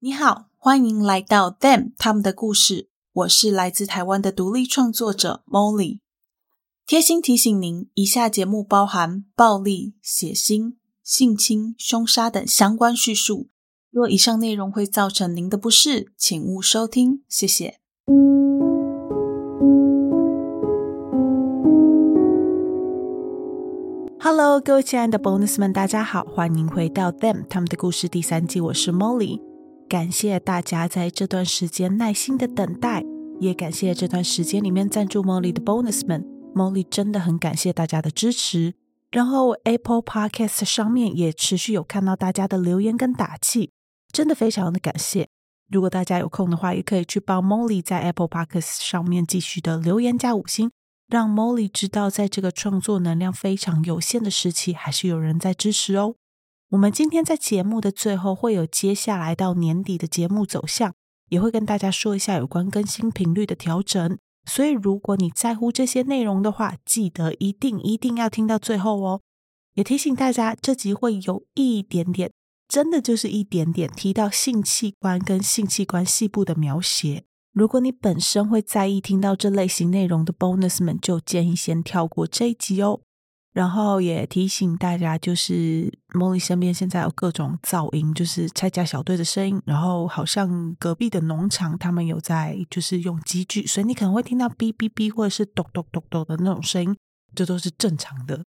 你好，歡迎來到《Them》他們的故事。我是來自台灣的獨立創作者 Molly。貼心提醒您，以下節目包含暴力、血腥、性侵、兇殺等相關敘述。若以上內容會造成您的不適，請勿收聽。謝謝。Hello，各位親愛的 Bonus 們，大家好，歡迎回到《Them》他們的故事第三季。我是 Molly。感謝大家在這段時間耐心的等待，也感謝這段時間裡面贊助 Molly 的 Bonus 們，Molly 真的很感謝大家的支持。然後 Apple Podcast 上面也持續有看到大家的留言跟打氣，真的非常的感謝。如果大家有空的話，也可以去幫 Molly 在 Apple Podcast 上面繼續的留言加五星，讓 Molly 知道在這個創作能量非常有限的時期，還是有人在支持哦。我們今天在節目的最後會有接下來到年底的節目走向，也會跟大家說一下有關更新頻率的調整。所以如果你在乎這些內容的話，記得一定一定要聽到最後哦。也提醒大家，這集會有一點點，真的就是一點點提到性器官跟性器官細部的描寫。如果你本身會在意聽到這類型內容的 bonus 們，就建議先跳過這一集哦。然後也提醒大家，就是莫莉身邊現在有各種噪音，就是拆家小隊的聲音。然後好像隔壁的農場，他們有在就是用機具，所以你可能會聽到嗶嗶嗶或者是咚咚咚咚的那種聲音，這都是正常的。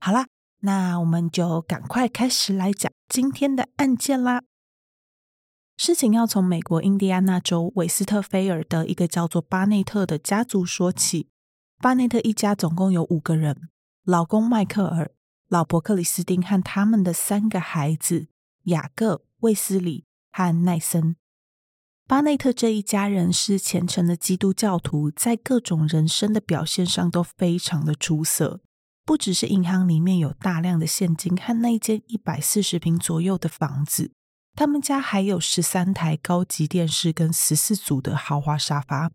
好啦，那我們就趕快開始來講今天的案件啦。事情要從美國印第安納州韋斯特菲爾的一個叫做巴內特的家族說起。巴內特一家總共有五個人。老公邁克爾、老婆克里斯汀，和他們的三個孩子雅各、衛斯理和奈森。巴內特這一家人是虔誠的基督教徒，在各種人生的表現上都非常的出色。不只是銀行裡面有大量的現金和那一間一百四十平左右的房子，他們家還有十三台高級電視跟十四組的豪華沙發。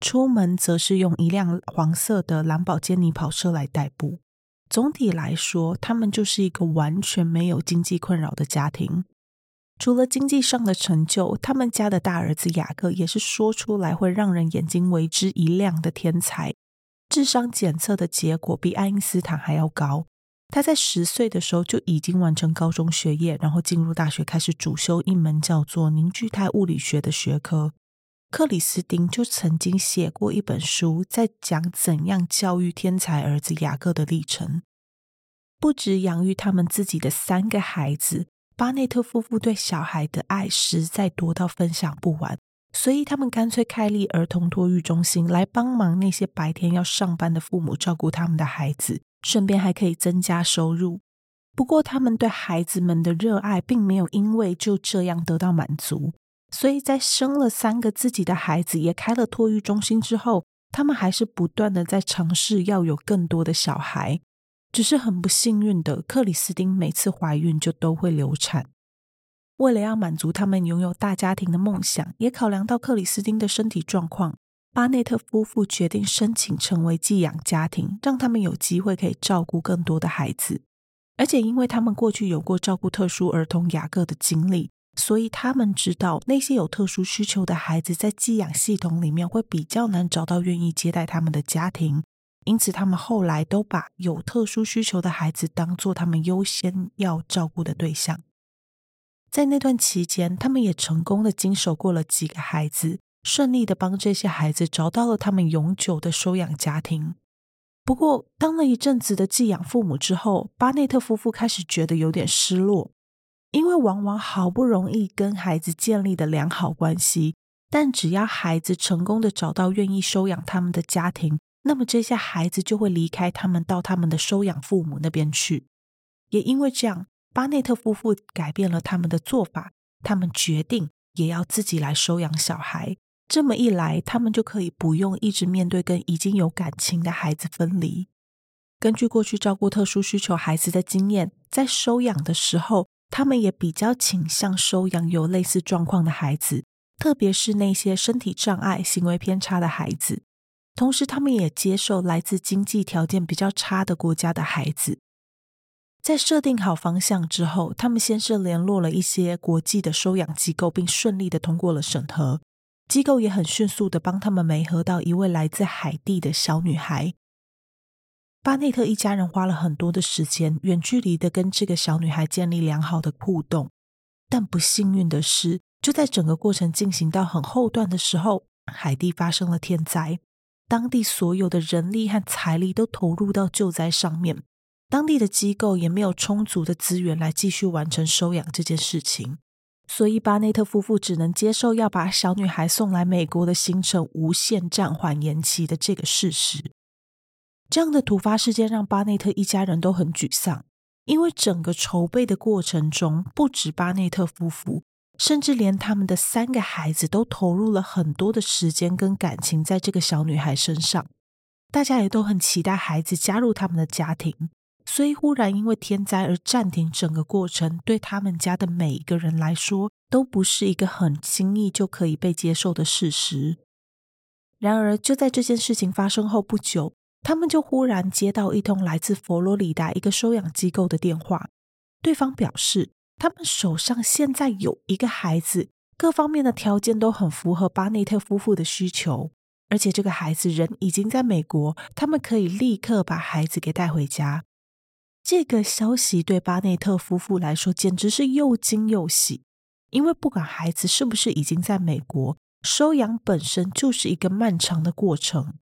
出門則是用一輛黃色的蘭寶堅尼跑車來代步。總體來說，他們就是一個完全沒有經濟困擾的家庭。除了經濟上的成就，他們家的大兒子雅各也是說出來會讓人眼睛為之一亮的天才，智商檢測的結果比愛因斯坦還要高。他在十歲的時候就已經完成高中學業，然後進入大學開始主修一門叫做凝聚態物理學的學科。克里斯汀就曾經寫過一本書，在講怎樣教育天才兒子雅各的歷程。不只養育他們自己的三個孩子，巴內特夫婦對小孩的愛實在多到分享不完，所以他們乾脆開立兒童托育中心，來幫忙那些白天要上班的父母照顧他們的孩子，順便還可以增加收入。不過，他們對孩子們的熱愛，並沒有因為就這樣得到滿足。所以在生了三個自己的孩子，也開了托育中心之後，他們還是不斷的在嘗試要有更多的小孩，只是很不幸運的，克里斯汀每次懷孕就都會流產。為了要滿足他們擁有大家庭的夢想，也考量到克里斯汀的身體狀況，巴內特夫婦決定申請成為寄養家庭，讓他們有機會可以照顧更多的孩子，而且因為他們過去有過照顧特殊兒童雅各的經歷，所以他們知道那些有特殊需求的孩子在寄養系統裡面會比較難找到願意接待他們的家庭，因此他們後來都把有特殊需求的孩子當做他們優先要照顧的對象。在那段期間，他們也成功的經手過了幾個孩子，順利的幫這些孩子找到了他們永久的收養家庭。不過當了一陣子的寄養父母之後，巴內特夫婦開始覺得有點失落。因為往往好不容易跟孩子建立的良好關係，但只要孩子成功的找到願意收養他們的家庭，那麼這些孩子就會離開他們，到他們的收養父母那邊去。也因為這樣，巴內特夫婦改變了他們的做法，他們決定也要自己來收養小孩。這麼一來，他們就可以不用一直面對跟已經有感情的孩子分離。根據過去照顧特殊需求孩子的經驗，在收養的時候，他們也比較傾向收養有類似狀況的孩子，特別是那些身體障礙、行為偏差的孩子。同時，他們也接受來自經濟條件比較差的國家的孩子。在設定好方向之後，他們先是聯絡了一些國際的收養機構，並順利的通過了審核。機構也很迅速的幫他們媒合到一位來自海地的小女孩。巴內特一家人花了很多的時間，遠距離的跟這個小女孩建立良好的互動，但不幸運的是，就在整個過程進行到很後段的時候，海地發生了天災，當地所有的人力和財力都投入到救災上面，當地的機構也沒有充足的資源來繼續完成收養這件事情，所以巴內特夫婦只能接受要把小女孩送來美國的行程無限暫緩延期的這個事實。這樣的突發事件讓巴內特一家人都很沮喪，因為整個籌備的過程中，不止巴內特夫婦，甚至連他們的三個孩子都投入了很多的時間跟感情在這個小女孩身上。大家也都很期待孩子加入他們的家庭，所以忽然因為天災而暫停整個過程，對他們家的每一個人來說，都不是一個很輕易就可以被接受的事實。然而，就在這件事情發生後不久，他們就忽然接到一通來自佛羅里達一個收養機構的電話，對方表示他們手上現在有一個孩子，各方面的條件都很符合巴內特夫婦的需求，而且這個孩子人已經在美國，他們可以立刻把孩子給帶回家。這個消息對巴內特夫婦來說簡直是又驚又喜，因為不管孩子是不是已經在美國，收養本身就是一個漫長的過程。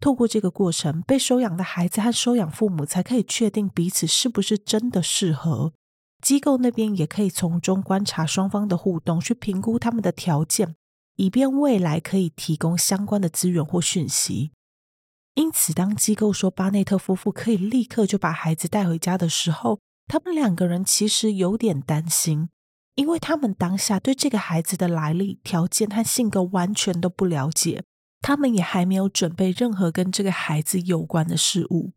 透過這個過程，被收養的孩子和收養父母才可以確定彼此是不是真的適合。機構那邊也可以從中觀察雙方的互動，去評估他們的條件，以便未來可以提供相關的資源或訊息。因此，當機構說巴內特夫婦可以立刻就把孩子帶回家的時候，他們兩個人其實有點擔心，因為他們當下對這個孩子的來歷、條件和性格完全都不了解。他們也還沒有準備任何跟這個孩子有關的事物。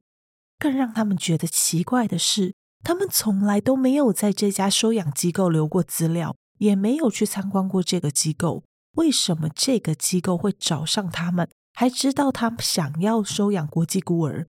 更讓他們覺得奇怪的是，他們從來都沒有在這家收養機構留過資料，也沒有去參觀過這個機構。為什麼這個機構會找上他們，還知道他們想要收養國際孤兒？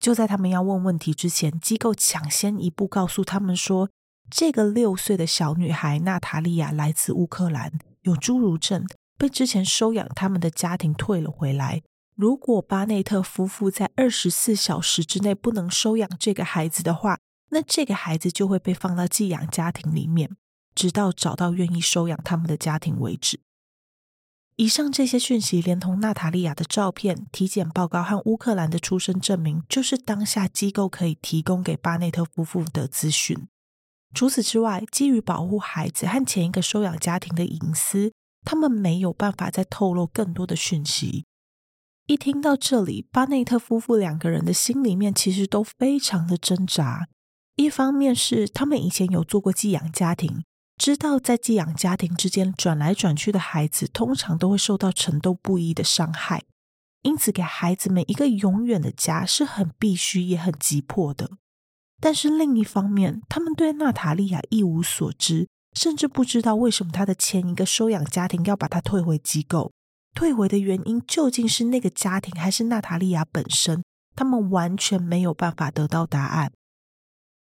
就在他們要問問題之前，機構搶先一步告訴他們說，這個六歲的小女孩娜塔莉亞來自烏克蘭，有侏儒症。被之前收養他們的家庭退了回來。如果巴內特夫婦在二十四小時之內不能收養這個孩子的話，那這個孩子就會被放到寄養家庭裡面，直到找到願意收養他們的家庭為止。以上這些訊息，連同娜塔莉亞的照片、體檢報告和烏克蘭的出生證明，就是當下機構可以提供給巴內特夫婦的資訊。除此之外，基於保護孩子和前一個收養家庭的隱私，他們沒有辦法再透露更多的訊息。一聽到這裡，巴內特夫婦兩個人的心裡面其實都非常的掙扎。一方面是他們以前有做過寄養家庭，知道在寄養家庭之間轉來轉去的孩子通常都會受到程度不一的傷害，因此給孩子們一個永遠的家是很必須也很急迫的。但是另一方面，他們對娜塔莉亞一無所知。甚至不知道為什麼他的前一個收養家庭要把他退回機構，退回的原因究竟是那個家庭，還是娜塔莉亞本身？他們完全沒有辦法得到答案。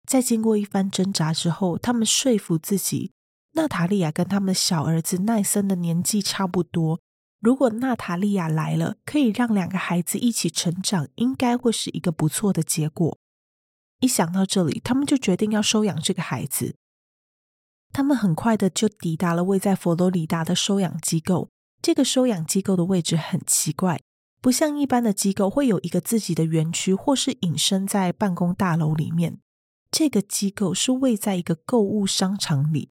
在經過一番掙扎之後，他們說服自己，娜塔莉亞跟他們小兒子奈森的年紀差不多。如果娜塔莉亞來了，可以讓兩個孩子一起成長，應該會是一個不錯的結果。一想到這裡，他們就決定要收養這個孩子。他們很快的就抵達了位在佛羅里達的收養機構。這個收養機構的位置很奇怪，不像一般的機構會有一個自己的園區，或是隱身在辦公大樓裡面。這個機構是位在一個購物商場裡。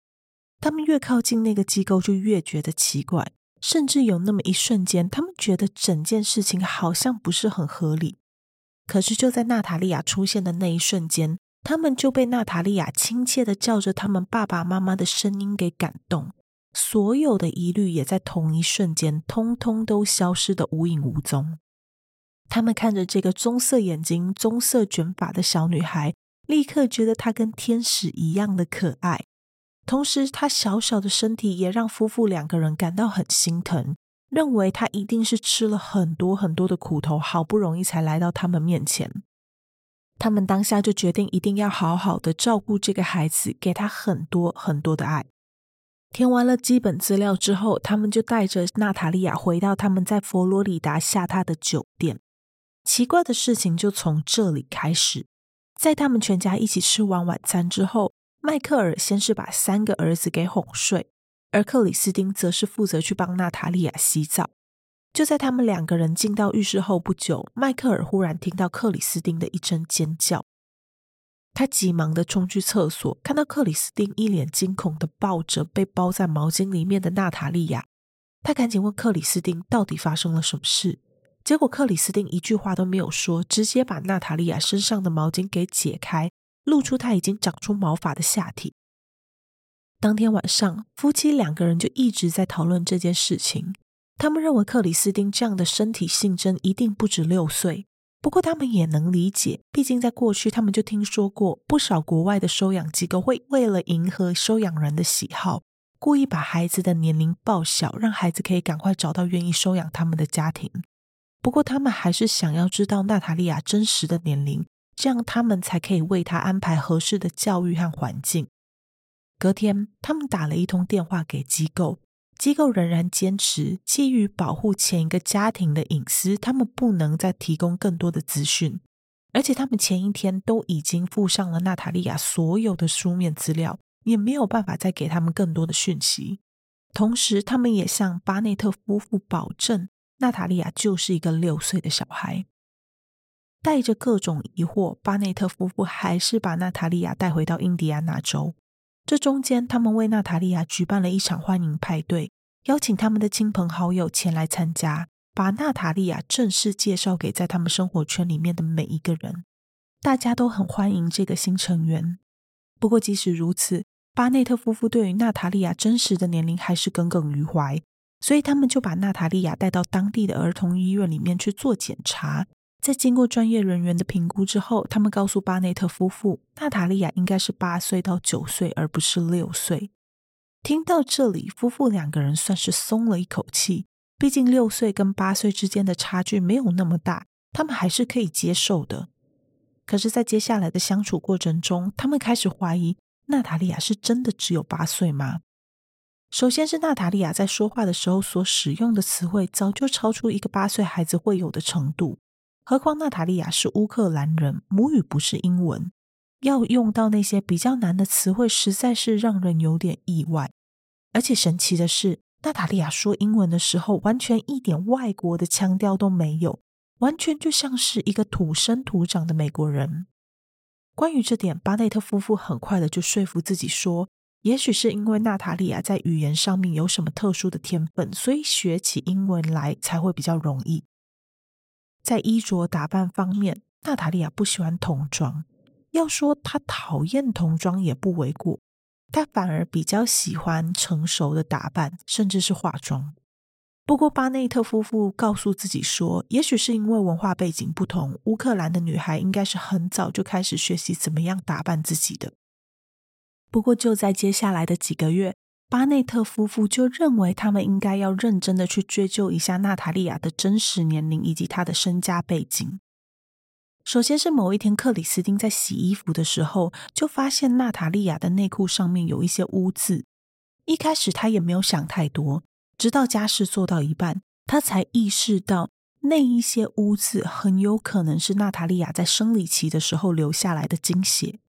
他們越靠近那個機構，就越覺得奇怪，甚至有那麼一瞬間，他們覺得整件事情好像不是很合理。可是就在娜塔莉亞出現的那一瞬間，他們就被娜塔莉亞親切地叫着他們爸爸媽媽的聲音給感動，所有的疑慮也在同一瞬間通通都消失得無影無蹤。他們看着這個棕色眼睛、棕色卷髮的小女孩，立刻覺得她跟天使一樣的可愛。同時，她小小的身體也讓夫婦兩個人感到很心疼，認為她一定是吃了很多很多的苦頭，好不容易才來到他們面前。他們當下就決定一定要好好的照顧這個孩子，給他很多很多的愛。填完了基本資料之後，他們就帶着娜塔莉亞回到他們在佛羅里達下榻的酒店。奇怪的事情就從這裡開始。在他們全家一起吃完晚，晚餐之後，邁克爾先是把三個兒子給哄睡，而克里斯汀則是負責去幫娜塔莉亞洗澡。就在他們兩個人進到浴室後不久，邁克爾忽然聽到克里斯汀的一聲尖叫，他急忙的衝去廁所，看到克里斯汀一臉驚恐的抱着被包在毛巾裡面的娜塔莉亞，他趕緊問克里斯汀到底發生了什麼事，結果克里斯汀一句話都沒有說，直接把娜塔莉亞身上的毛巾給解開，露出她已經長出毛髮的下體。當天晚上，夫妻兩個人就一直在討論這件事情。他們認為克里斯汀這樣的身體性徵一定不止六歲，不過他們也能理解，畢竟在過去他們就聽說過不少國外的收養機構會為了迎合收養人的喜好，故意把孩子的年齡報小，讓孩子可以趕快找到願意收養他們的家庭。不過他們還是想要知道娜塔莉亞真實的年齡，這樣他們才可以為她安排合適的教育和環境。隔天，他們打了一通電話給機構。機構仍然堅持基於保護前一個家庭的隱私，他們不能再提供更多的資訊。而且，他們前一天都已經附上了娜塔莉亞所有的書面資料，也沒有辦法再給他們更多的訊息。同時，他們也向巴內特夫婦保證，娜塔莉亞就是一個六歲的小孩。帶着各種疑惑，巴內特夫婦還是把娜塔莉亞帶回到印第安納州。這中間，他們為娜塔莉亞舉辦了一場歡迎派對，邀請他們的親朋好友前來參加，把娜塔莉亞正式介紹給在他們生活圈裡面的每一個人。大家都很歡迎這個新成員。不過，即使如此，巴內特夫婦對於娜塔莉亞真實的年齡還是耿耿於懷，所以他們就把娜塔莉亞帶到當地的兒童醫院裡面去做檢查。在經過專業人員的評估之後，他們告訴巴內特夫婦，娜塔莉亞應該是八歲到九歲，而不是六歲。聽到這裡，夫婦兩個人算是鬆了一口氣，畢竟六歲跟八歲之間的差距沒有那麼大，他們還是可以接受的。可是，在接下來的相處過程中，他們開始懷疑娜塔莉亞是真的只有八歲嗎？首先是娜塔莉亞在說話的時候所使用的詞彙，早就超出一個八歲孩子會有的程度。何況娜塔莉亞是烏克蘭人，母語不是英文，要用到那些比較難的詞彙，實在是讓人有點意外。而且神奇的是，娜塔莉亞說英文的時候，完全一點外國的腔調都沒有，完全就像是一個土生土長的美國人。關於這點，巴內特夫婦很快的就說服自己說，也許是因為娜塔莉亞在語言上面有什麼特殊的天分，所以學起英文來才會比較容易。在衣着打扮方面，娜塔莉亞不喜歡童裝。要說她討厭童裝也不為過，她反而比較喜歡成熟的打扮，甚至是化妝。不過巴內特夫婦告訴自己說，也許是因為文化背景不同，烏克蘭的女孩應該是很早就開始學習怎麼樣打扮自己的。不過就在接下來的幾個月，巴內特夫婦就認為，他們應該要認真的去追究一下娜塔莉亞的真實年齡以及她的身家背景。首先是某一天，克里斯汀在洗衣服的時候，就發現娜塔莉亞的內褲上面有一些污漬。一開始他也沒有想太多，直到家事做到一半，他才意識到那一些污漬很有可能是娜塔莉亞在生理期的時候留下來的經血。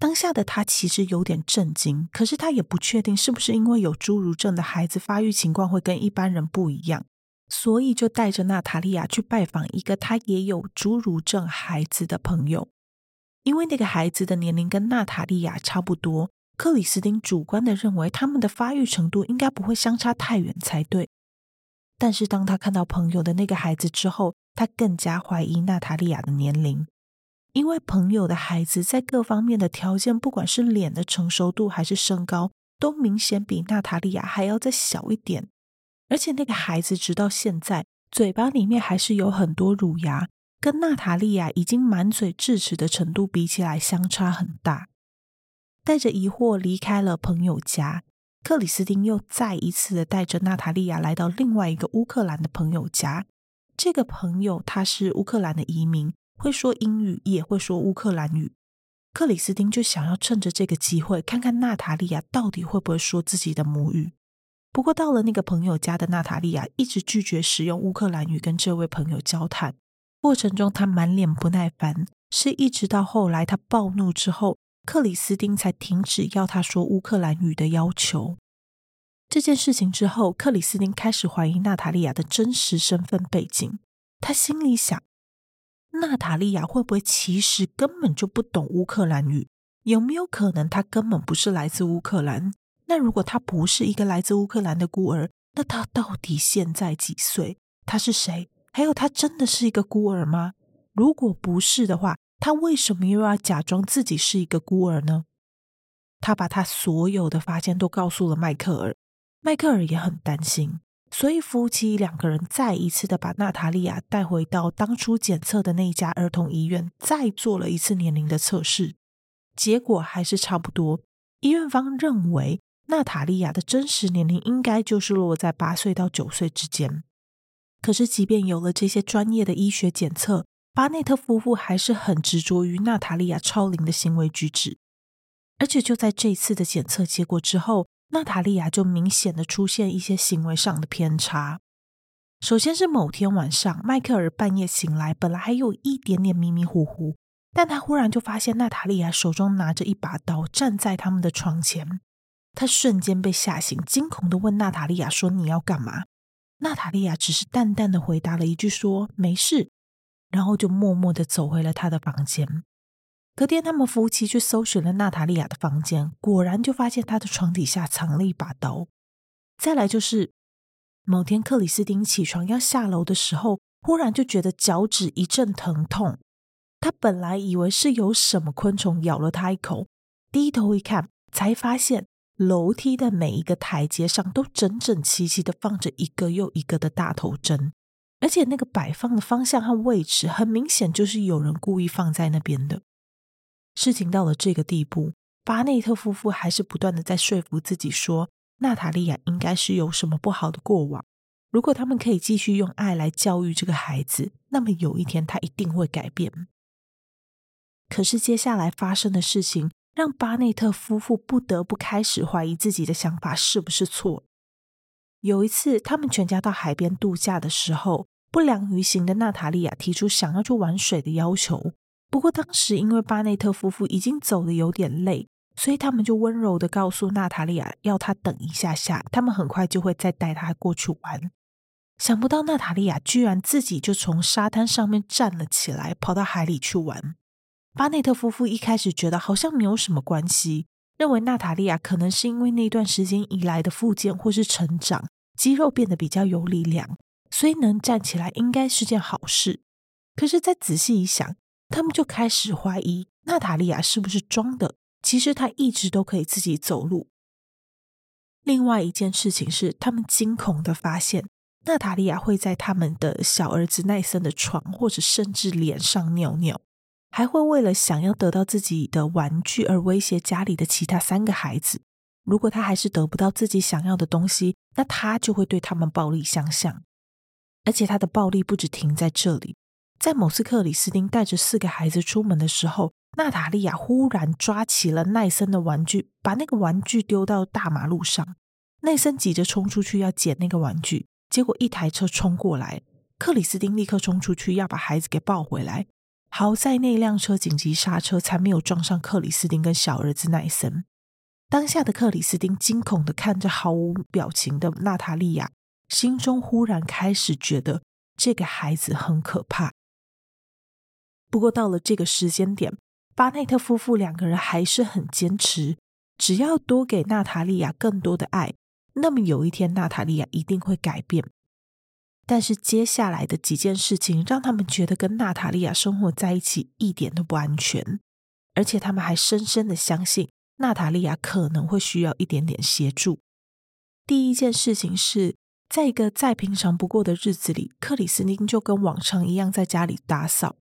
當下的他其實有點震驚，可是他也不確定是不是因為有侏儒症的孩子發育情況會跟一般人不一樣，所以就帶着娜塔莉亞去拜訪一個他也有侏儒症孩子的朋友。因為那個孩子的年齡跟娜塔莉亞差不多，克里斯汀主觀的認為他們的發育程度應該不會相差太遠才對。但是當他看到朋友的那個孩子之後，他更加懷疑娜塔莉亞的年齡。因為朋友的孩子在各方面的條件，不管是臉的成熟度還是身高，都明顯比娜塔莉亞還要再小一點。而且那個孩子直到現在嘴巴裡面還是有很多乳牙，跟娜塔莉亞已經滿嘴智齒的程度比起來相差很大。帶着疑惑離開了朋友家，克里斯汀又再一次的帶着娜塔莉亞來到另外一個烏克蘭的朋友家。這個朋友他是烏克蘭的移民。會說英語，也會說烏克蘭語。克里斯汀就想要趁着這個機會，看看娜塔莉亞到底會不會說自己的母語。不過到了那個朋友家的娜塔莉亞，一直拒絕使用烏克蘭語跟這位朋友交談。過程中，她滿臉不耐煩，是一直到後來她暴怒之後，克里斯汀才停止要她說烏克蘭語的要求。這件事情之後，克里斯汀開始懷疑娜塔莉亞的真實身份背景。他心裡想，娜塔莉亞會不會其實根本就不懂烏克蘭語？有沒有可能她根本不是來自烏克蘭？那如果她不是一個來自烏克蘭的孤兒，那她到底現在幾歲？她是誰？還有，她真的是一個孤兒嗎？如果不是的話，她為什麼又要假裝自己是一個孤兒呢？她把她所有的發現都告訴了邁克爾，邁克爾也很擔心。所以夫妻兩個人再一次的把娜塔莉亞帶回到當初檢測的那家兒童醫院，再做了一次年齡的測試，結果還是差不多。醫院方認為娜塔莉亞的真實年齡應該就是落在八歲到九歲之間。可是，即便有了這些專業的醫學檢測，巴內特夫婦還是很執着於娜塔莉亞超齡的行為舉止。而且，就在這次的檢測結果之後。娜塔莉亞就明顯的出現一些行為上的偏差。首先是某天晚上，邁克爾半夜醒來，本來還有一點點迷迷糊糊，但他忽然就發現娜塔莉亞手中拿着一把刀，站在他們的床前。他瞬間被嚇醒，驚恐的問娜塔莉亞說：“你要幹嘛？”娜塔莉亞只是淡淡的回答了一句說：“沒事。”然後就默默的走回了他的房間。隔天，他們夫妻去搜尋了娜塔莉亞的房間，果然就發現她的床底下藏了一把刀。再來就是，某天克里斯汀起床要下樓的時候，忽然就覺得腳趾一陣疼痛。他本來以為是有什麼昆蟲咬了他一口，低頭一看，才發現樓梯的每一個台階上都整整齊齊的放着一個又一個的大頭針，而且那個擺放的方向和位置，很明顯就是有人故意放在那邊的。事情到了這個地步，巴內特夫婦還是不斷的在說服自己說，娜塔莉亞應該是有什麼不好的過往。如果他們可以繼續用愛來教育這個孩子，那麼有一天他一定會改變。可是接下來發生的事情，讓巴內特夫婦不得不開始懷疑自己的想法是不是錯。有一次，他們全家到海邊度假的時候，不良於行的娜塔莉亞提出想要去玩水的要求。不過當時，因為巴內特夫婦已經走的有點累，所以他們就溫柔的告訴娜塔莉亞，要她等一下下，他們很快就會再帶她過去玩。想不到娜塔莉亞居然自己就從沙灘上面站了起來，跑到海裡去玩。巴內特夫婦一開始覺得好像沒有什麼關係，認為娜塔莉亞可能是因為那段時間以來的復健或是成長，肌肉變得比較有力量，所以能站起來應該是件好事。可是再仔細一想，他們就開始懷疑娜塔莉亞是不是裝的，其實她一直都可以自己走路。另外一件事情是，他們驚恐地發現娜塔莉亞會在他們的小兒子奈森的床或者甚至臉上尿尿，還會為了想要得到自己的玩具而威脅家裡的其他三個孩子。如果他還是得不到自己想要的東西，那他就會對他們暴力相向，而且他的暴力不止停在這裡。在某次克里斯汀帶着四個孩子出門的時候，娜塔莉亞忽然抓起了奈森的玩具，把那個玩具丟到大馬路上。奈森急着衝出去要撿那個玩具，結果一台車衝過來。克里斯汀立刻衝出去要把孩子給抱回來。好在那輛車緊急剎車，才沒有撞上克里斯汀跟小兒子奈森。當下的克里斯汀驚恐地看着毫無表情的娜塔莉亞，心中忽然開始覺得這個孩子很可怕。不過到了這個時間點，巴內特夫婦兩個人還是很堅持，只要多給娜塔莉亞更多的愛，那麼有一天娜塔莉亞一定會改變。但是接下來的幾件事情讓他們覺得跟娜塔莉亞生活在一起一點都不安全，而且他們還深深的相信娜塔莉亞可能會需要一點點協助。第一件事情是在一個再平常不過的日子裡，克里斯汀就跟往常一樣在家裡打掃。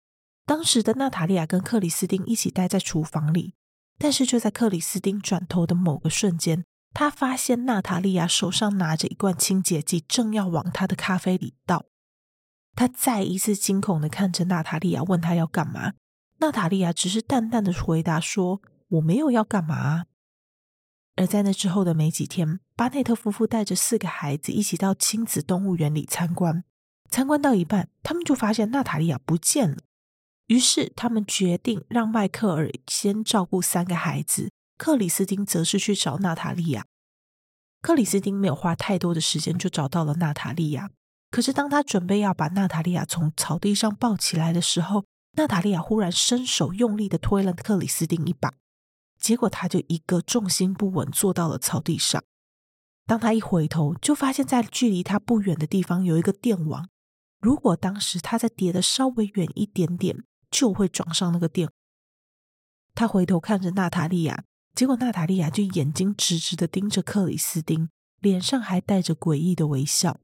當時的娜塔莉亞跟克里斯汀一起待在廚房裡，但是就在克里斯汀轉頭的某個瞬間，他發現娜塔莉亞手上拿着一罐清潔劑，正要往他的咖啡裡倒。他再一次驚恐的看着娜塔莉亞，問他要幹嘛？娜塔莉亞只是淡淡的回答說：“我沒有要幹嘛。”而在那之後的沒幾天，巴內特夫婦帶着四個孩子一起到親子動物園裡參觀，參觀到一半，他們就發現娜塔莉亞不見了。於是他們決定讓邁克爾先照顧三個孩子，克里斯汀則是去找娜塔莉亞。克里斯汀沒有花太多的時間就找到了娜塔莉亞，可是當他準備要把娜塔莉亞從草地上抱起來的時候，娜塔莉亞忽然伸手用力的推了克里斯汀一把，結果他就一個重心不穩坐到了草地上。當他一回頭，就發現在距離他不遠的地方有一個電網。如果當時他再跌得稍微遠一點點，就會撞上那個電。他回頭看着娜塔莉亞，結果娜塔莉亞就眼睛直直的盯着克里斯汀，臉上還帶着詭異的微笑。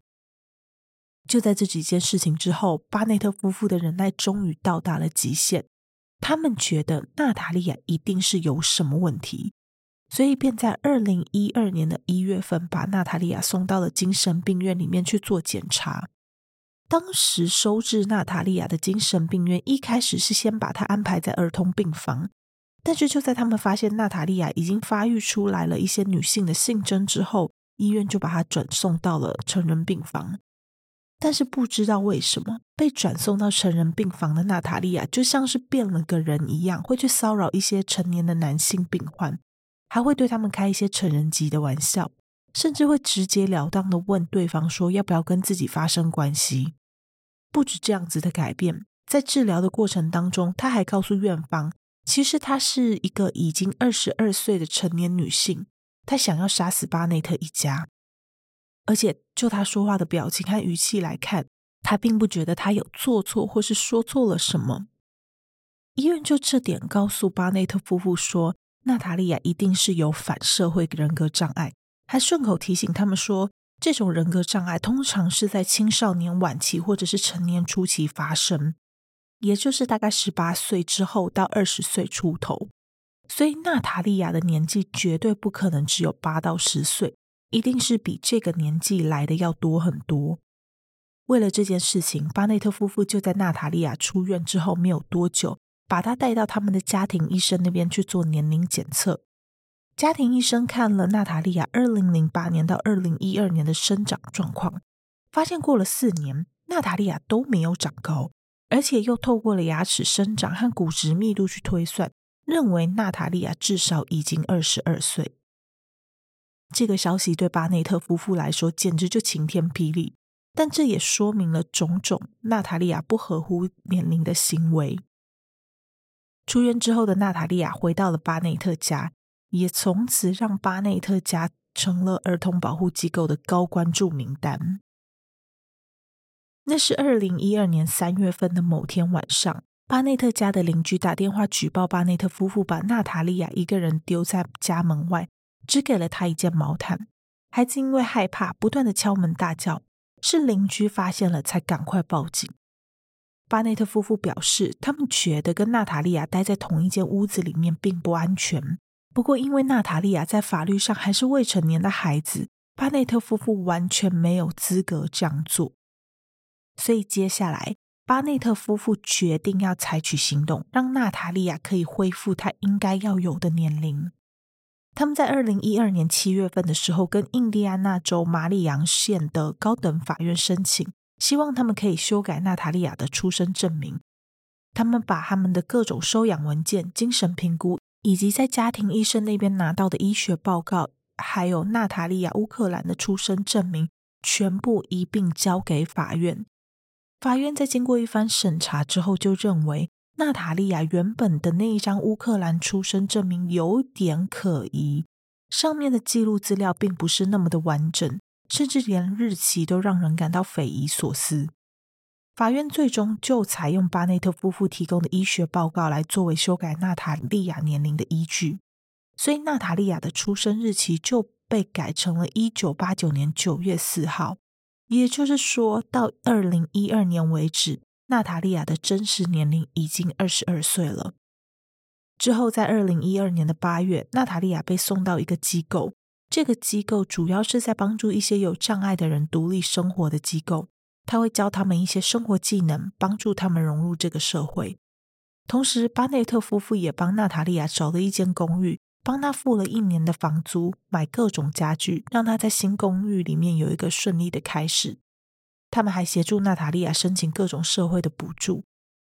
就在這幾件事情之後，巴內特夫婦的忍耐終於到達了極限，他們覺得娜塔莉亞一定是有什麼問題，所以便在二零一二年的一月份把娜塔莉亞送到了精神病院裡面去做檢查。當時收治娜塔莉亞的精神病院，一開始是先把她安排在兒童病房，但是就在他們發現娜塔莉亞已經發育出來了一些女性的性徵之後，醫院就把她轉送到了成人病房。但是不知道為什麼，被轉送到成人病房的娜塔莉亞就像是變了個人一樣，會去騷擾一些成年的男性病患，還會對他們開一些成人級的玩笑。甚至會直截了當的問對方說：“要不要跟自己發生關係？”不止這樣子的改變，在治療的過程當中，他還告訴院方，其實他是一個已經二十二歲的成年女性，他想要殺死巴內特一家。而且就他說話的表情和語氣來看，他並不覺得他有做錯或是說錯了什麼。醫院就這點告訴巴內特夫婦說：“娜塔莉亞一定是有反社會人格障礙。”還順口提醒他們說，這種人格障礙通常是在青少年晚期或者是成年初期發生，也就是大概十八歲之後到二十歲出頭。所以，娜塔莉亞的年紀絕對不可能只有八到十歲，一定是比這個年紀來的要多很多。為了這件事情，巴內特夫婦就在娜塔莉亞出院之後沒有多久，把她帶到他們的家庭醫生那邊去做年齡檢測。家庭醫生看了娜塔莉亞二零零八年到二零一二年的生長狀況，發現過了四年，娜塔莉亞都沒有長高，而且又透過了牙齒生長和骨質密度去推算，認為娜塔莉亞至少已經二十二歲。這個消息對巴內特夫婦來說簡直就晴天霹靂，但這也說明了種種娜塔莉亞不合乎年齡的行為。出院之後的娜塔莉亞回到了巴內特家。也從此讓巴內特家成了兒童保護機構的高關注名單。那是二零一二年三月份的某天晚上，巴內特家的鄰居打電話舉報巴內特夫婦把娜塔莉亞一個人丟在家門外，只給了她一件毛毯。孩子因為害怕，不斷的敲門大叫。是鄰居發現了，才趕快報警。巴內特夫婦表示，他們覺得跟娜塔莉亞待在同一間屋子裡面並不安全。不過，因為娜塔莉亞在法律上還是未成年的孩子，巴內特夫婦完全沒有資格這樣做。所以，接下來巴內特夫婦決定要採取行動，讓娜塔莉亞可以恢復她應該要有的年齡。他們在二零一二年七月份的時候，跟印第安納州馬里昂縣的高等法院申請，希望他們可以修改娜塔莉亞的出生證明。他們把他們的各種收養文件、精神評估。以及在家庭醫生那邊拿到的醫學報告，還有娜塔莉亞烏克蘭的出生證明，全部一併交給法院。法院在經過一番審查之後，就認為娜塔莉亞原本的那一張烏克蘭出生證明有點可疑，上面的記錄資料並不是那麼的完整，甚至連日期都讓人感到匪夷所思。法院最終就採用巴內特夫婦提供的醫學報告來作為修改娜塔莉亞年齡的依據，所以娜塔莉亞的出生日期就被改成了一九八九年九月四號。也就是說，到二零一二年為止，娜塔莉亞的真實年齡已經二十二歲了。之後，在二零一二年的八月，娜塔莉亞被送到一個機構，這個機構主要是在幫助一些有障礙的人獨立生活的機構。他會教他們一些生活技能，幫助他們融入這個社會。同時，巴內特夫婦也幫娜塔莉亞找了一間公寓，幫她付了一年的房租，買各種家具，讓她在新公寓裡面有一個順利的開始。他們還協助娜塔莉亞申請各種社會的補助。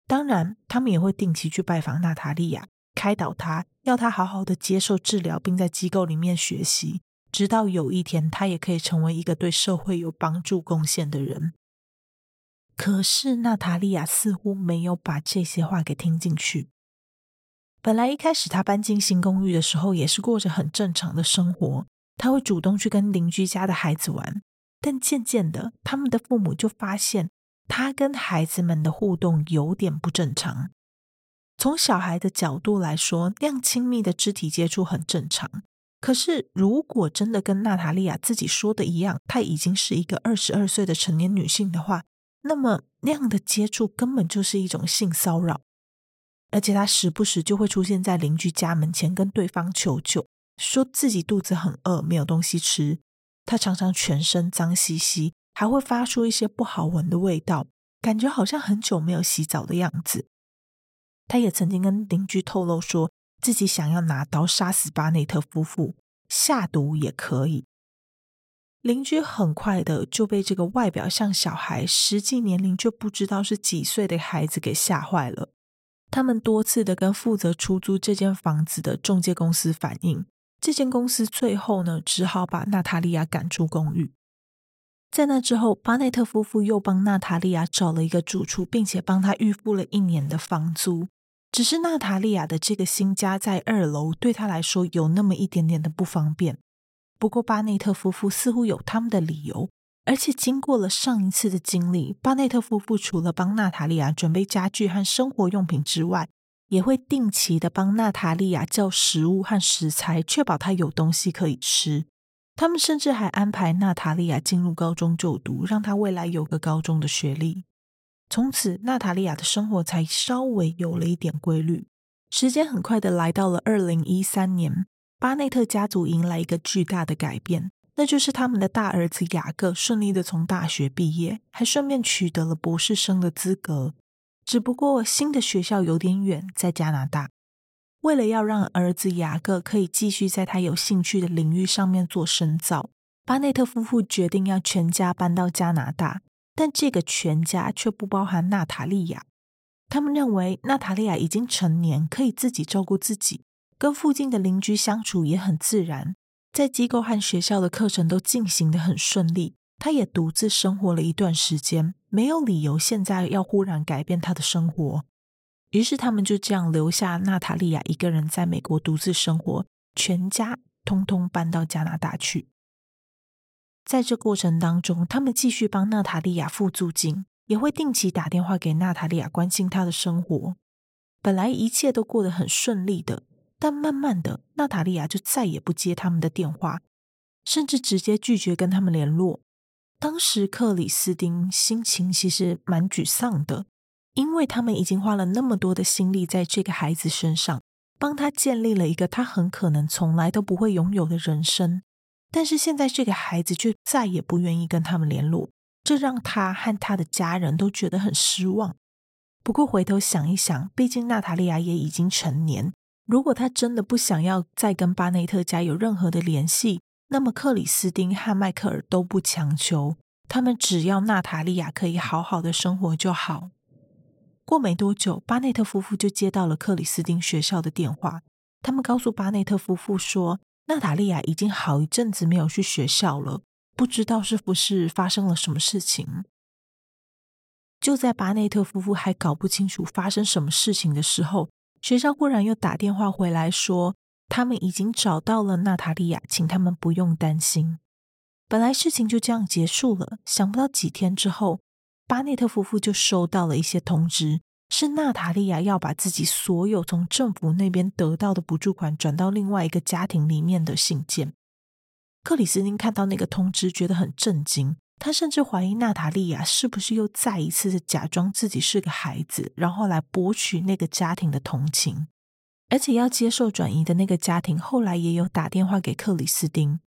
當然，他們也會定期去拜訪娜塔莉亞，開導她，要她好好的接受治療，並在機構裡面學習，直到有一天她也可以成為一個對社會有幫助貢獻的人。可是，娜塔莉亞似乎沒有把這些話給聽進去。本來一開始她搬進新公寓的時候，也是過着很正常的生活。她會主動去跟鄰居家的孩子玩，但漸漸的，他們的父母就發現她跟孩子們的互動有點不正常。從小孩的角度來說，那樣親密的肢體接觸很正常。可是，如果真的跟娜塔莉亞自己說的一樣，她已經是一個二十二歲的成年女性的話，那麼那樣的接觸根本就是一種性騷擾，而且他時不時就會出現在鄰居家門前跟對方求救，說自己肚子很餓，沒有東西吃。他常常全身髒兮兮，還會發出一些不好聞的味道，感覺好像很久沒有洗澡的樣子。他也曾經跟鄰居透露說自己想要拿刀殺死巴內特夫婦，下毒也可以。鄰居很快的就被這個外表像小孩，實際年齡就不知道是幾歲的孩子給嚇壞了。他們多次的跟負責出租這間房子的中介公司反映，這間公司最後呢，只好把娜塔莉亞趕出公寓。在那之後，巴奈特夫婦又幫娜塔莉亞找了一個住處，並且幫她預付了一年的房租。只是娜塔莉亞的這個新家在二樓，對她來說有那麼一點點的不方便。不過，巴內特夫婦似乎有他們的理由，而且經過了上一次的經歷，巴內特夫婦除了幫娜塔莉亞準備家具和生活用品之外，也會定期的幫娜塔莉亞叫食物和食材，確保她有東西可以吃。他們甚至還安排娜塔莉亞進入高中就讀，讓她未來有個高中的學歷。從此，娜塔莉亞的生活才稍微有了一點規律。時間很快的來到了2013年。巴內特家族迎來一個巨大的改變，那就是他們的大兒子雅各順利的從大學畢業，還順便取得了博士生的資格。只不過新的學校有點遠，在加拿大。為了要讓兒子雅各可以繼續在他有興趣的領域上面做深造，巴內特夫婦決定要全家搬到加拿大，但這個全家卻不包含娜塔莉亞。他們認為娜塔莉亞已經成年，可以自己照顧自己。跟附近的鄰居相處也很自然，在機構和學校的課程都進行的很順利。他也獨自生活了一段時間，沒有理由現在要忽然改變他的生活。於是他們就這樣留下娜塔莉亞一個人在美國獨自生活，全家通通搬到加拿大去。在這過程當中，他們繼續幫娜塔莉亞付租金，也會定期打電話給娜塔莉亞關心她的生活。本來一切都過得很順利的。但慢慢的，娜塔莉亞就再也不接他們的電話，甚至直接拒絕跟他們聯絡。當時克里斯汀心情其實蠻沮喪的，因為他們已經花了那麼多的心力在這個孩子身上，幫他建立了一個他很可能從來都不會擁有的人生。但是現在這個孩子卻再也不願意跟他們聯絡，這讓他和他的家人都覺得很失望。不過回頭想一想，畢竟娜塔莉亞也已經成年。如果他真的不想要再跟巴內特家有任何的聯繫，那麼克里斯汀和邁克爾都不強求，他們只要娜塔莉亞可以好好的生活就好。過沒多久，巴內特夫婦就接到了克里斯汀學校的電話，他們告訴巴內特夫婦說，娜塔莉亞已經好一陣子沒有去學校了，不知道是不是發生了什麼事情。就在巴內特夫婦還搞不清楚發生什麼事情的時候，學校忽然又打電話回來說，說他們已經找到了娜塔莉亞，請他們不用擔心。本來事情就這樣結束了，想不到幾天之後，巴內特夫婦就收到了一些通知，是娜塔莉亞要把自己所有從政府那邊得到的補助款轉到另外一個家庭裡面的信件。克里斯汀看到那個通知，覺得很震驚。他甚至懷疑娜塔莉亞是不是又再一次的假裝自己是個孩子，然後來博取那個家庭的同情，而且要接受轉移的那個家庭後來也有打電話給克里斯汀，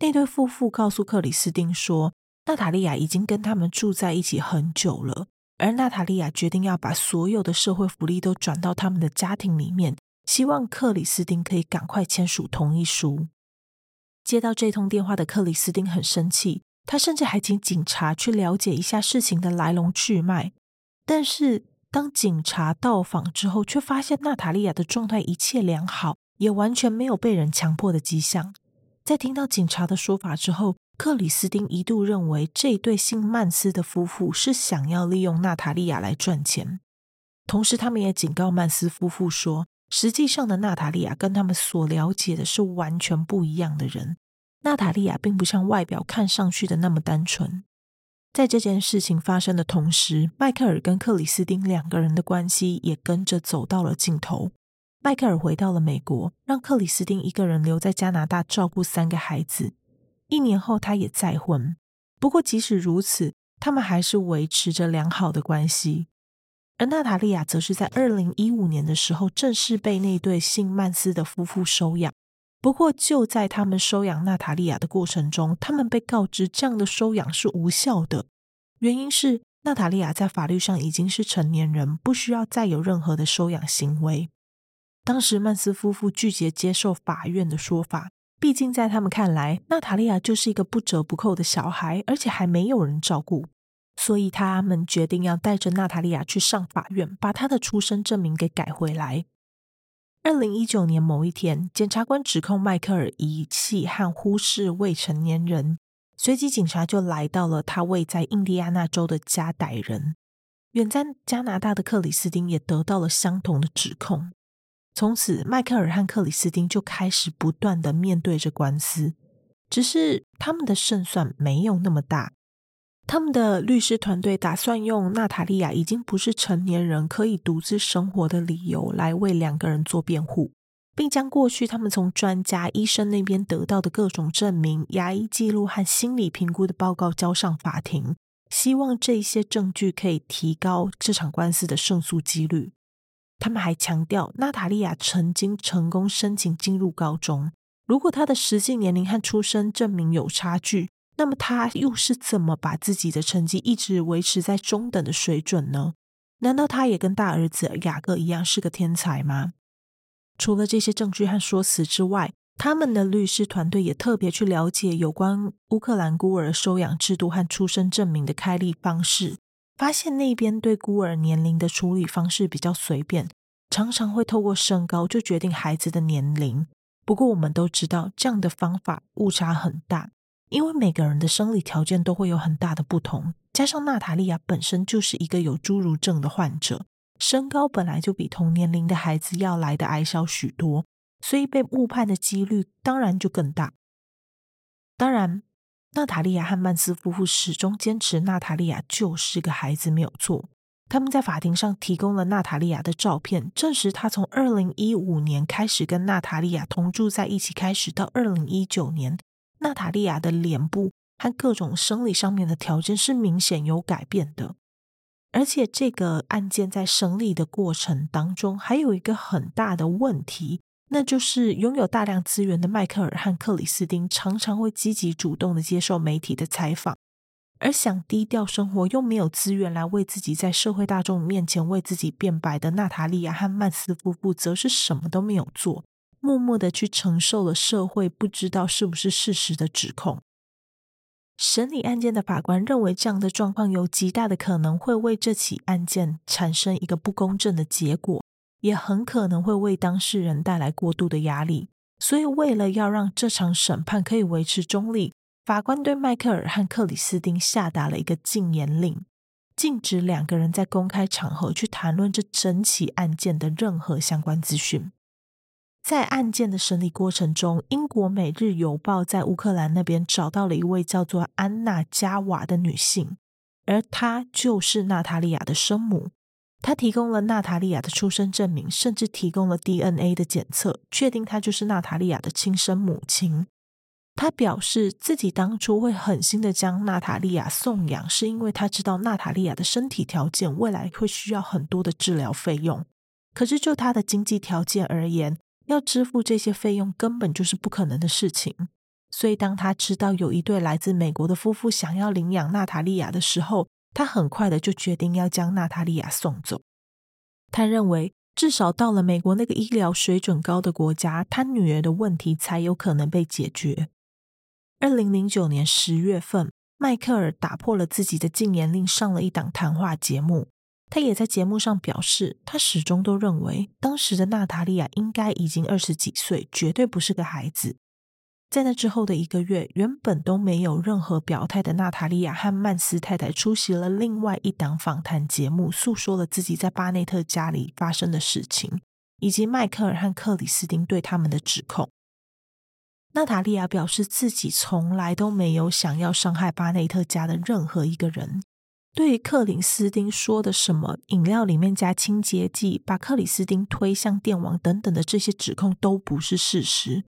那對夫婦告訴克里斯汀說，娜塔莉亞已經跟他們住在一起很久了，而娜塔莉亞決定要把所有的社會福利都轉到他們的家庭裡面，希望克里斯汀可以趕快簽署同意書。接到這通電話的克里斯丁很生氣。他甚至還請警察去了解一下事情的來龍去脈，但是當警察到訪之後，卻發現娜塔莉亞的狀態一切良好，也完全沒有被人強迫的跡象。在聽到警察的說法之後，克里斯汀一度認為這對姓曼斯的夫婦是想要利用娜塔莉亞來賺錢，同時他們也警告曼斯夫婦說，實際上的娜塔莉亞跟他們所了解的是完全不一樣的人。娜塔莉亞並不像外表看上去的那麼單純。在這件事情發生的同時，邁克爾跟克里斯汀兩個人的關係也跟着走到了盡頭。邁克爾回到了美國，讓克里斯汀一個人留在加拿大照顧三個孩子。一年後，他也再婚。不過，即使如此，他們還是維持着良好的關係。而娜塔莉亞則是在二零一五年的時候，正式被那對姓曼斯的夫婦收養。不過，就在他們收養娜塔莉亞的過程中，他們被告知這樣的收養是無效的，原因是娜塔莉亞在法律上已經是成年人，不需要再有任何的收養行為。當時，曼斯夫婦拒絕接受法院的說法，畢竟在他們看來，娜塔莉亞就是一個不折不扣的小孩，而且還沒有人照顧，所以他們決定要帶着娜塔莉亞去上法院，把她的出生證明給改回來。二零一九年某一天，檢察官指控邁克爾遺棄和忽視未成年人，隨即警察就來到了他位在印第安納州的家逮人。遠在加拿大的克里斯丁也得到了相同的指控。從此，邁克爾和克里斯丁就開始不斷的面對着官司，只是他們的勝算沒有那麼大。他們的律師團隊打算用娜塔莉亞已經不是成年人可以獨自生活的理由來為兩個人做辯護，並將過去他們從專家、醫生那邊得到的各種證明、牙醫記錄和心理評估的報告交上法庭，希望這些證據可以提高這場官司的勝訴幾率。他們還強調，娜塔莉亞曾經成功申請進入高中，如果她的實際年齡和出生證明有差距。那麼他又是怎麼把自己的成績一直維持在中等的水準呢？難道他也跟大兒子雅各一樣是個天才嗎？除了這些證據和說辭之外，他們的律師團隊也特別去了解有關烏克蘭孤兒收養制度和出生證明的開立方式，發現那邊對孤兒年齡的處理方式比較隨便，常常會透過身高就決定孩子的年齡。不過我們都知道，這樣的方法誤差很大。因為每個人的生理條件都會有很大的不同，加上娜塔莉亞本身就是一個有侏儒症的患者，身高本來就比同年齡的孩子要來的矮小許多，所以被誤判的幾率當然就更大。當然，娜塔莉亞和曼斯夫婦始終堅持娜塔莉亞就是個孩子沒有錯。他們在法庭上提供了娜塔莉亞的照片，證實她從二零一五年開始跟娜塔莉亞同住在一起，開始到二零一九年。娜塔莉亞的臉部和各種生理上面的條件是明顯有改變的，而且這個案件在審理的過程當中，還有一個很大的問題，那就是擁有大量資源的邁克爾和克里斯汀常常會積極主動的接受媒體的採訪，而想低調生活又沒有資源來為自己在社會大眾面前為自己辯白的娜塔莉亞和曼斯夫婦，則是什麼都沒有做。默默地去承受了社會不知道是不是事實的指控。審理案件的法官認為，這樣的狀況有極大的可能會為這起案件產生一個不公正的結果，也很可能會為當事人帶來過度的壓力。所以，為了要讓這場審判可以維持中立，法官對邁克爾和克里斯丁下達了一個禁言令，禁止兩個人在公開場合去談論這整起案件的任何相關資訊。在案件的審理過程中，英國《每日郵報》在烏克蘭那邊找到了一位叫做安娜加瓦的女性，而她就是娜塔莉亞的生母。她提供了娜塔莉亞的出生證明，甚至提供了 DNA 的檢測，確定她就是娜塔莉亞的親生母親。她表示，自己當初會狠心的將娜塔莉亞送養，是因為她知道娜塔莉亞的身體條件未來會需要很多的治療費用。可是就她的經濟條件而言，要支付這些費用根本就是不可能的事情，所以當他知道有一對來自美國的夫婦想要領養娜塔莉亞的時候，他很快的就決定要將娜塔莉亞送走。他認為，至少到了美國那個醫療水準高的國家，他女兒的問題才有可能被解決。二零零九年十月份，邁克爾打破了自己的禁言令，上了一檔談話節目。他也在節目上表示，他始終都認為當時的娜塔莉亞應該已經二十幾歲，絕對不是個孩子。在那之後的一個月，原本都沒有任何表態的娜塔莉亞和曼斯太太出席了另外一檔訪談節目，訴說了自己在巴內特家裡發生的事情，以及邁克爾和克里斯汀對他們的指控。娜塔莉亞表示，自己從來都沒有想要傷害巴內特家的任何一個人。對於克里斯汀說的什麼“飲料裡面加清潔劑，把克里斯汀推向電網”等等的這些指控都不是事實，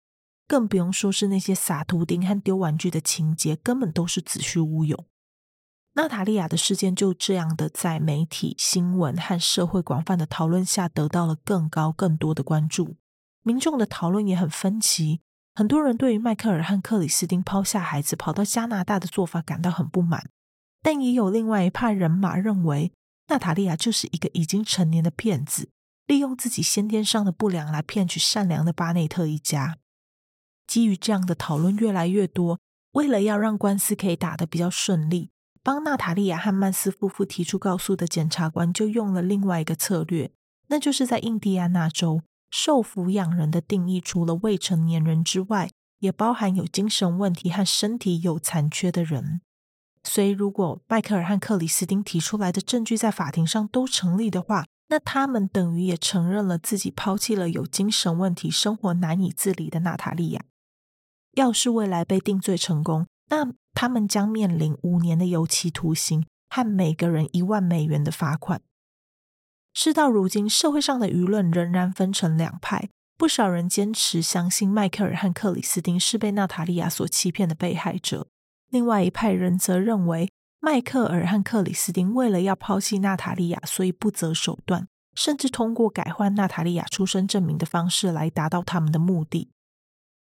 更不用說是那些撒圖釘和丟玩具的情節，根本都是子虛烏有。娜塔莉亞的事件就這樣的，在媒體、新聞和社會廣泛的討論下，得到了更高、更多的關注。民眾的討論也很分歧，很多人對於邁克爾和克里斯汀拋下孩子跑到加拿大的做法感到很不滿。但也有另外一派人馬認為，娜塔莉亞就是一個已經成年的騙子，利用自己先天上的不良來騙取善良的巴內特一家。基於這樣的討論越來越多，為了要讓官司可以打得比較順利，幫娜塔莉亞和曼斯夫婦提出告訴的檢察官就用了另外一個策略，那就是在印第安納州，受撫養人的定義除了未成年人之外，也包含有精神問題和身體有殘缺的人。所以，如果邁克爾和克里斯汀提出來的證據在法庭上都成立的話，那他們等於也承認了自己拋棄了有精神問題、生活難以自理的娜塔莉亞。要是未來被定罪成功，那他們將面臨五年的有期徒刑和每個人一萬美元的罰款。事到如今，社會上的輿論仍然分成兩派，不少人堅持相信邁克爾和克里斯汀是被娜塔莉亞所欺騙的被害者。另外一派人則認為，邁克爾和克里斯丁為了要拋棄娜塔莉亞，所以不擇手段，甚至通過改換娜塔莉亞出生證明的方式來達到他們的目的。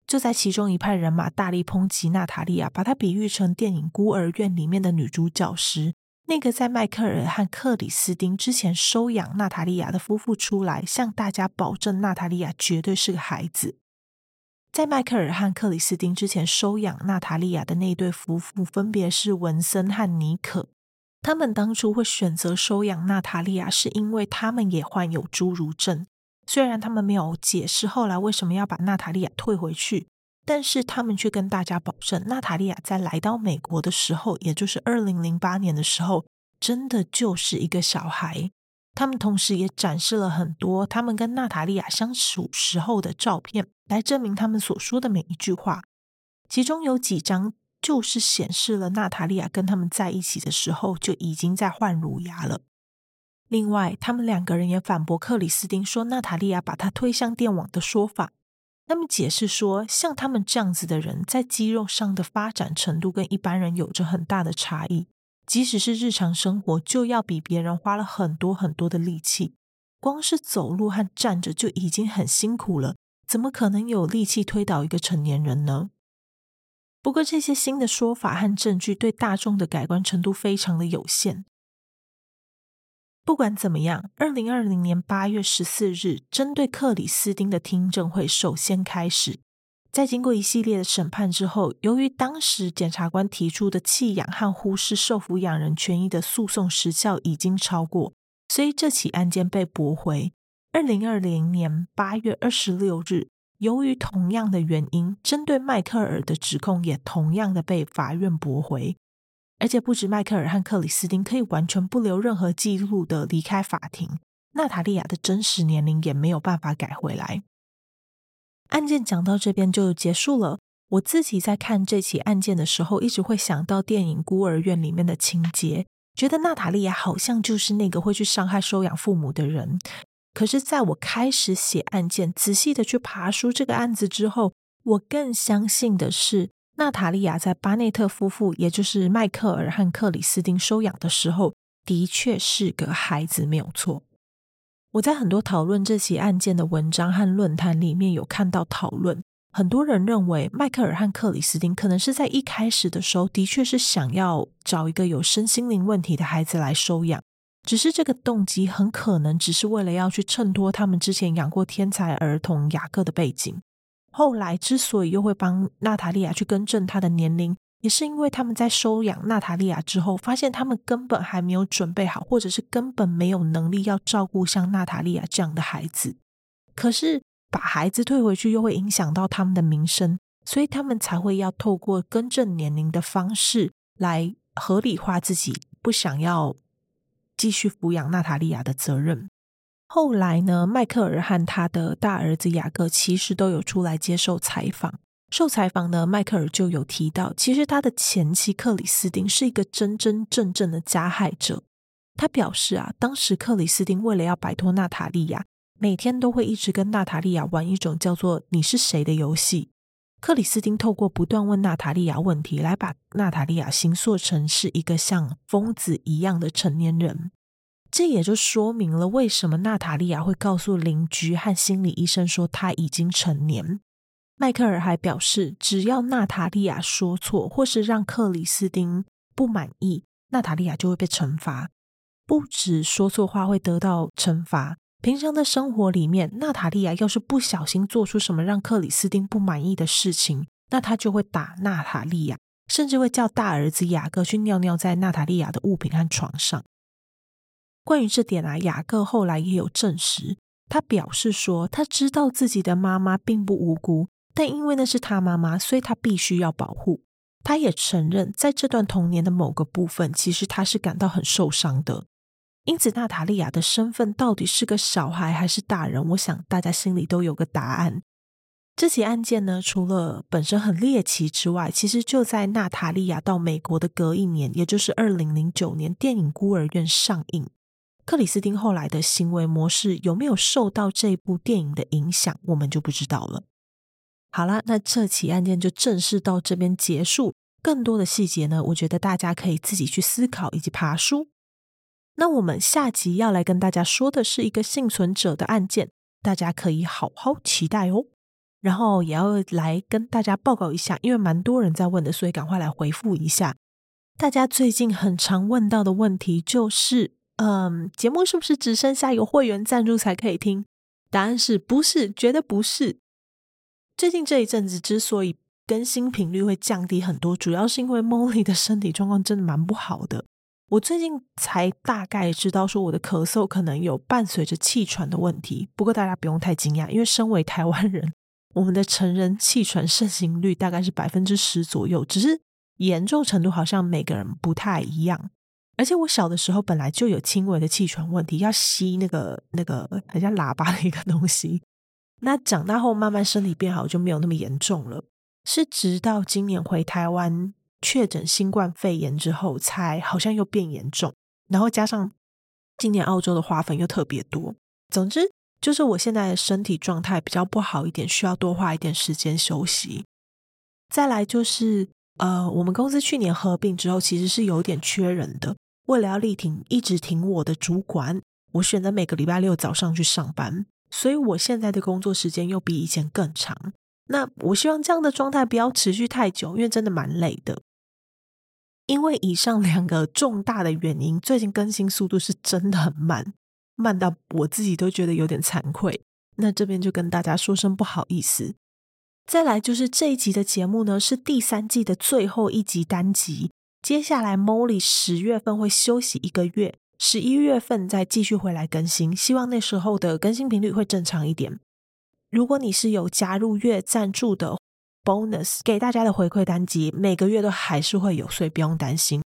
就在其中一派人馬大力抨擊娜塔莉亞，把她比喻成電影《孤兒怨》裡面的女主角時，那個在邁克爾和克里斯丁之前收養娜塔莉亞的夫婦出來向大家保證，娜塔莉亞絕對是個孩子。在邁克爾和克里斯汀之前收養娜塔莉亞的那一對夫婦分別是文森和妮可。他們當初會選擇收養娜塔莉亞，是因為他們也患有侏儒症。雖然他們沒有解釋後來為什麼要把娜塔莉亞退回去，但是他們卻跟大家保證，娜塔莉亞在來到美國的時候，也就是二零零八年的時候，真的就是一個小孩。他們同時也展示了很多他們跟娜塔莉亞相處時候的照片，來證明他們所說的每一句話。其中有幾張就是顯示了娜塔莉亞跟他們在一起的時候就已經在換乳牙了。另外，他們兩個人也反駁克里斯汀說娜塔莉亞把他推向電網的說法。他們解釋說，像他們這樣子的人在肌肉上的發展程度跟一般人有着很大的差異。即使是日常生活，就要比別人花了很多很多的力氣。光是走路和站着就已經很辛苦了，怎麼可能有力氣推倒一個成年人呢？不過，這些新的說法和證據對大眾的改觀程度非常的有限。不管怎麼樣，二零二零年八月十四日，針對克里斯汀的聽證會首先開始。在經過一系列的審判之後，由於當時檢察官提出的棄養和忽視受撫養人權益的訴訟時效已經超過，所以這起案件被駁回。二零二零年八月二十六日，由於同樣的原因，針對邁克爾的指控也同樣的被法院駁回。而且，不止邁克爾和克里斯汀可以完全不留任何記錄的離開法庭，娜塔莉亞的真實年齡也沒有辦法改回來。案件講到這邊就結束了。我自己在看這起案件的時候，一直會想到電影《孤兒怨》裡面的情節，覺得娜塔莉亞好像就是那個會去傷害收養父母的人。可是，在我開始寫案件、仔細的去爬梳這個案子之後，我更相信的是，娜塔莉亞在巴內特夫婦，也就是邁克爾和克里斯汀收養的時候，的確是個孩子，沒有錯。我在很多討論這起案件的文章和論壇裡面有看到討論，很多人認為邁克爾和克里斯汀可能是在一開始的時候的確是想要找一個有身心靈問題的孩子來收養，只是這個動機很可能只是為了要去襯托他們之前養過天才兒童雅各的背景，後來之所以又會幫娜塔莉亞去更正她的年齡。也是因為他們在收養娜塔莉亞之後，發現他們根本還沒有準備好，或者是根本沒有能力要照顧像娜塔莉亞這樣的孩子。可是把孩子退回去又會影響到他們的名聲，所以他們才會要透過更正年齡的方式來合理化自己不想要繼續撫養娜塔莉亞的責任。後來呢，邁克爾和他的大兒子雅各其實都有出來接受採訪。受採訪的邁克爾就有提到，其實他的前妻克里斯汀是一個真真正正的加害者。他表示啊，當時克里斯汀為了要擺脫娜塔莉亞，每天都會一直跟娜塔莉亞玩一種叫做“你是誰”的遊戲。克里斯汀透過不斷問娜塔莉亞問題，來把娜塔莉亞形塑成是一個像瘋子一樣的成年人。這也就說明了為什麼娜塔莉亞會告訴鄰居和心理醫生說她已經成年。邁克爾還表示，只要娜塔莉亞說錯，或是讓克里斯汀不滿意，娜塔莉亞就會被懲罰。不止說錯話會得到懲罰，平常的生活裡面，娜塔莉亞要是不小心做出什麼讓克里斯汀不滿意的事情，那她就會打娜塔莉亞，甚至會叫大兒子雅各去尿尿在娜塔莉亞的物品和床上。關於這點啊，雅各後來也有證實，他表示說，他知道自己的媽媽並不無辜。但因為那是他媽媽，所以他必須要保護。他也承認，在這段童年的某個部分，其實他是感到很受傷的。因此，娜塔莉亞的身份到底是個小孩還是大人，我想大家心裡都有個答案。這起案件呢，除了本身很獵奇之外，其實就在娜塔莉亞到美國的隔一年，也就是二零零九年，電影《孤兒怨》上映。克里斯汀後來的行為模式有沒有受到這部電影的影響，我們就不知道了。好啦，那這起案件就正式到這邊結束。更多的細節呢，我覺得大家可以自己去思考以及爬梳。那我們下集要來跟大家說的是一個幸存者的案件，大家可以好好期待哦。然後也要來跟大家報告一下，因為蠻多人在問的，所以趕快來回復一下。大家最近很常問到的問題就是，嗯、呃，節目是不是只剩下有會員贊助才可以聽？答案是，不是，絕對不是。最近這一陣子，之所以更新頻率會降低很多，主要是因為 Molly 的身體狀況真的蠻不好的。我最近才大概知道，說我的咳嗽可能有伴隨着氣喘的問題。不過大家不用太驚訝，因為身為臺灣人，我們的成人氣喘盛行率大概是百分之十左右，只是嚴重程度好像每個人不太一樣。而且我小的時候本來就有輕微的氣喘問題，要吸那個那個好像喇叭的一個東西。那長大後慢慢身體變好就沒有那麼嚴重了，是直到今年回台灣確診新冠肺炎之後，才好像又變嚴重。然後加上今年澳洲的花粉又特別多，總之就是我現在的身體狀態比較不好一點，需要多花一點時間休息。再來就是呃，我們公司去年合併之後其實是有點缺人的，為了要力挺一直挺我的主管，我選擇每個禮拜六早上去上班。所以我現在的工作時間又比以前更長，那我希望這樣的狀態不要持續太久，因為真的蠻累的。因為以上兩個重大的原因，最近更新速度是真的很慢，慢到我自己都覺得有點慚愧。那這邊就跟大家說聲不好意思。再來就是這一集的節目呢，是第三季的最後一集單集，接下來 Molly 十月份會休息一個月。十一月份再繼續回來更新，希望那時候的更新頻率會正常一點。如果你是有加入月贊助的 bonus，給大家的回饋單集，每個月都還是會有，所以不用擔心。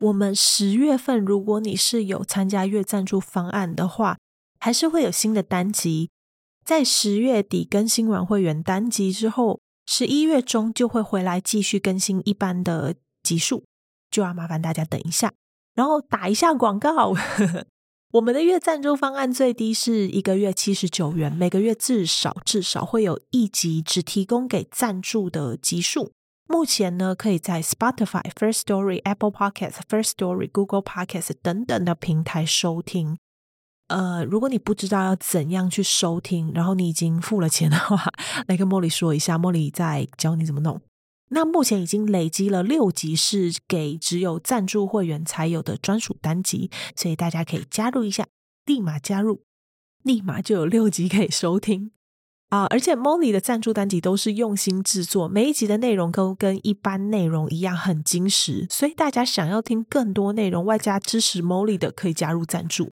我們十月份如果你是有參加月贊助方案的話，還是會有新的單集。在十月底更新完會員單集之後，十一月中就會回來繼續更新一般的集數，就要麻煩大家等一下。然後打一下廣告。 我們的月贊助方案最低是一個月七十九元，每個月至少至少會有一集只提供給贊助的集數。目前呢，可以在 Spotify、First Story、Apple Podcasts、First Story、Google Podcasts 等等的平台收聽。呃，如果你不知道要怎樣去收聽，然後你已經付了錢的話，來跟茉莉說一下，茉莉再教你怎麼弄。那目前已經累積了六集，是給只有贊助會員才有的專屬單集，所以大家可以加入一下，立馬加入，立馬就有六集可以收聽啊！而且 Molly 的贊助單集都是用心製作，每一集的內容都跟一般內容一樣很精實，所以大家想要聽更多內容，外加支持 Molly 的，可以加入贊助。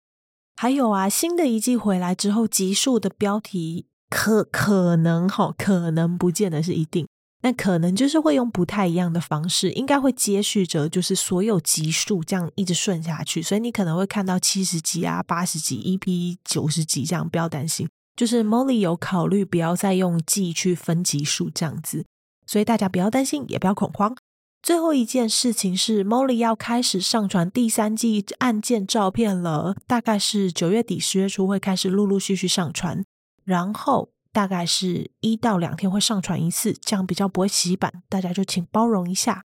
還有啊，新的一季回來之後，集數的標題可可能哈、哦，可能不見得是一定。.那可能就是會用不太一樣的方式，應該會接續着，就是所有集數這樣一直順下去，所以你可能會看到七十集啊、八十集、EP 九十集這樣，不要擔心，就是 Molly 有考慮不要再用季去分集數這樣子，所以大家不要擔心，也不要恐慌。最後一件事情是，Molly 要開始上傳第三季案件照片了，大概是九月底、十月初會開始陸陸續續，續上傳，然後。大概是一到兩天會上傳一次，這樣比較不會洗版，大家就請包容一下。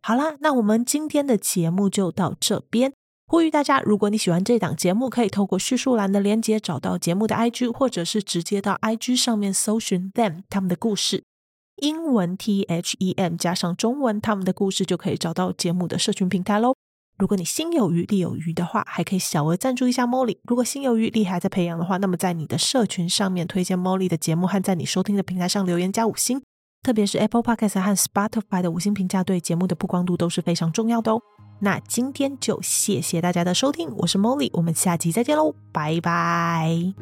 好啦，那我們今天的節目就到這邊。呼籲大家，如果你喜歡這檔節目，可以透過敘述欄的連接找到節目的 IG，或者是直接到 IG 上面搜尋 them 他們的故事，英文 T H E M 加上中文他們的故事，就可以找到節目的社群平台嘍。如果你心有餘力有餘的話，還可以小額贊助一下 Molly。如果心有餘力還在培養的話，那麼在你的社群上面推薦 Molly 的節目，和在你收聽的平台上留言加五星，特別是 Apple Podcast 和 Spotify 的五星評價，對節目的曝光度都是非常重要的哦。那今天就謝謝大家的收聽，我是 Molly，我們下期再見嘍，拜拜。